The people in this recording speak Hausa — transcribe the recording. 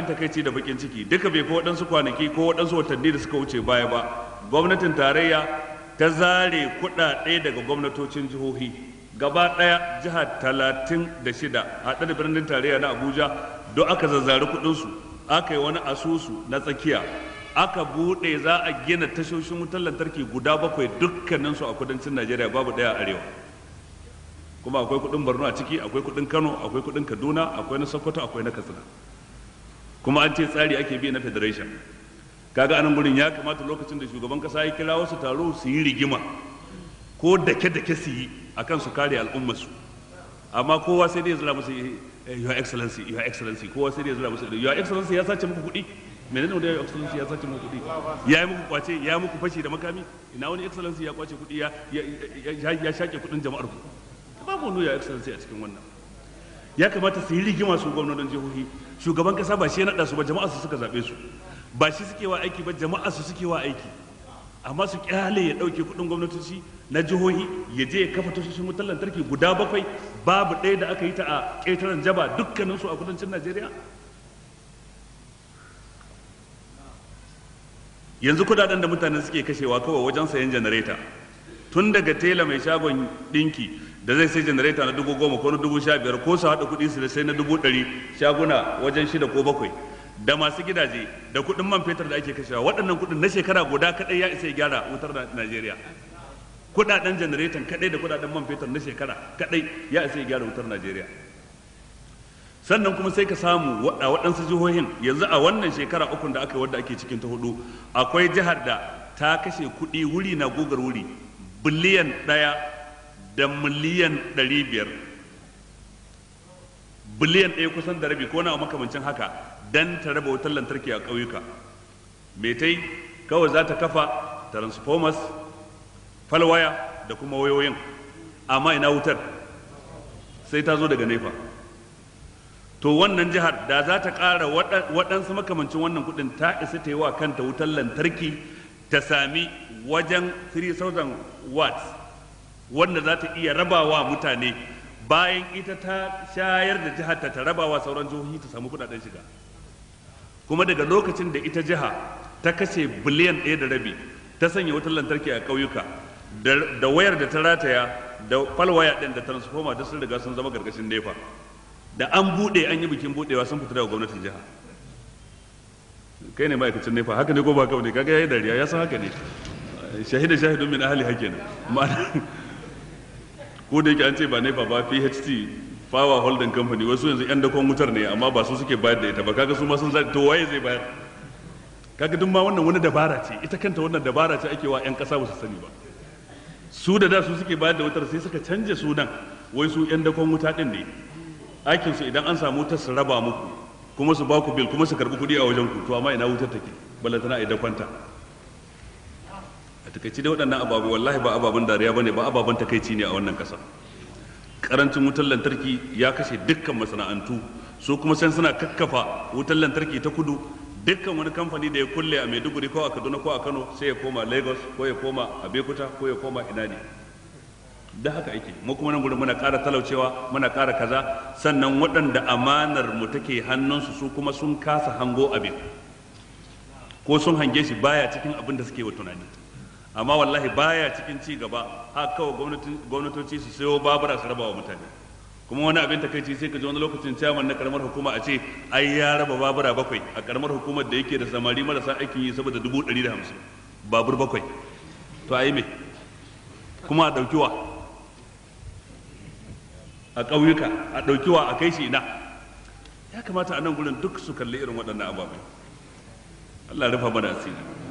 an takaici da bakin ciki duka bai ko waɗansu kwanaki ko waɗansu watanni da suka wuce baya ba gwamnatin tarayya ta zare kuɗaɗe daga gwamnatocin jihohi gaba ɗaya jiha talatin da shida haɗe da birnin tarayya na abuja don aka zazzari kuɗinsu aka yi wani asusu na tsakiya aka buɗe za a gina tashoshin wutar lantarki guda bakwai dukkaninsu a kudancin najeriya babu ɗaya arewa kuma akwai kuɗin borno a ciki akwai kuɗin kano akwai kuɗin kaduna akwai na sokoto akwai na katsina kuma an ce tsari ake bi na federation kaga anan gurin ya kamata lokacin da shugaban kasa ya kira wasu taro su yi rigima ko dake dake su yi akan su kare al'ummar su amma kowa sai dai zura musu eh, your excellency your excellency kowa sai dai zura musu your excellency ya sace muku kuɗi menene da your excellency ya sace muku kuɗi ya yi muku kwace ya muku fashi da makami ina wani excellency ya kwace kuɗi ya ya shake kuɗin jama'ar ku babu wani your excellency a cikin wannan ya kamata su yi rigima su gwamnatin jihohi shugaban kasa ba shi ya naɗa su ba jama'a su suka zaɓe su ba shi suke wa aiki ba jama'a su suke wa aiki amma su kyale ya ɗauke kuɗin gwamnatoci na jihohi ya je ya kafa tashoshin wutar lantarki guda bakwai babu ɗaya da aka yi ta a ƙetaren jaba su a kudancin najeriya yanzu kudaden da mutane suke kashewa kawai wajen sayan janareta tun daga tela mai shagon ɗinki da zai sai janareta na dubu goma ko na dubu sha biyar ko su haɗa kuɗi su da sai na dubu ɗari shaguna wajen shida ko bakwai da masu gidaje da kuɗin man fetur da ake kashewa waɗannan kuɗin na shekara guda kaɗai ya isa ya gyara wutar Najeriya kuɗaɗen janaretan kaɗai da kuɗaɗen man fetur na shekara kaɗai ya isa ya gyara wutar Najeriya sannan kuma sai ka samu a waɗansu jihohin yanzu a wannan shekara ukun da aka yi wadda ake cikin ta hudu akwai jihar da ta kashe kuɗi wuri na gogar wuri biliyan ɗaya da miliyan biyar, biliyan ɗaya kusan da rabi ko na makamancin haka don ta raba wutar lantarki a ƙauyuka metai kawai za ta kafa transformers falwaya da kuma wayoyin amma ina wutar sai ta zo daga nefa to wannan jihar da za ta ƙara waɗansu makamancin wannan kuɗin ta isa ta yi wa kanta wutar lantarki ta sami wajen 3000 watts wanda za ta iya rabawa mutane bayan ita ta shayar da jihar ta rabawa sauran jihohi ta samu kudaden shiga kuma daga lokacin da ita jiha ta kashe biliyan ɗaya da rabi ta sanya wutar lantarki a ƙauyuka da wayar da ta rataya da falwaya ɗin da transformer da sun riga sun zama gargashin nefa da an buɗe an yi bikin buɗewa sun fita daga gwamnatin jiha kai ne ma'aikacin nefa haka ne ko ba kawai ne kaga yayi dariya ya san haka ne shahida shahidun min ahli hakina ma'ana ko da yake an ce ba ne ba pht power holding company wasu yanzu yan dakon wutar ne amma ba su suke bayar da ita ba kaga su ma sun zai to waye zai bayar kaga duk ma wannan wani dabara ce ita kanta wannan dabara ce ake wa yan kasa ba su sani ba su da da su suke bayar da wutar sai suka canje sunan wai su yan dakon wuta din ne aikin su idan an samu wutar su raba muku kuma su ba ku bil kuma su karbi kuɗi a wajen ku to amma ina wutar take balantana idan kwanta takaici da waɗannan ababu wallahi ba ababen dariya ba ne ba ababen takaici ne a wannan ƙasa ƙarancin wutar lantarki ya kashe dukkan masana'antu su kuma sai suna kakkafa wutar lantarki ta kudu dukkan wani kamfani da ya kulle a maiduguri ko a kaduna ko a kano sai ya koma lagos ko ya koma abekuta ko ya koma ina ne da haka ake mu kuma nan gurin muna ƙara talaucewa muna ƙara kaza sannan waɗanda amanar mu take hannunsu su kuma sun kasa hango abin ko sun hange shi baya cikin abin da suke wa tunani amma wallahi baya cikin ci gaba haka kawai gwamnatoci su sayo babura su raba wa mutane kuma wani abin takaici sai ka ji wani lokacin ciyaman na karamar hukuma a ce ai ya raba babura bakwai a karamar hukumar da yake da samari marasa aikin yi saboda dubu ɗari da hamsin babur bakwai to ai me kuma a ɗaukiwa a ƙauyuka a ɗaukiwa a kai shi ina ya kamata a nan gurin duk su kalli irin waɗannan ababai Allah rufa mana asiri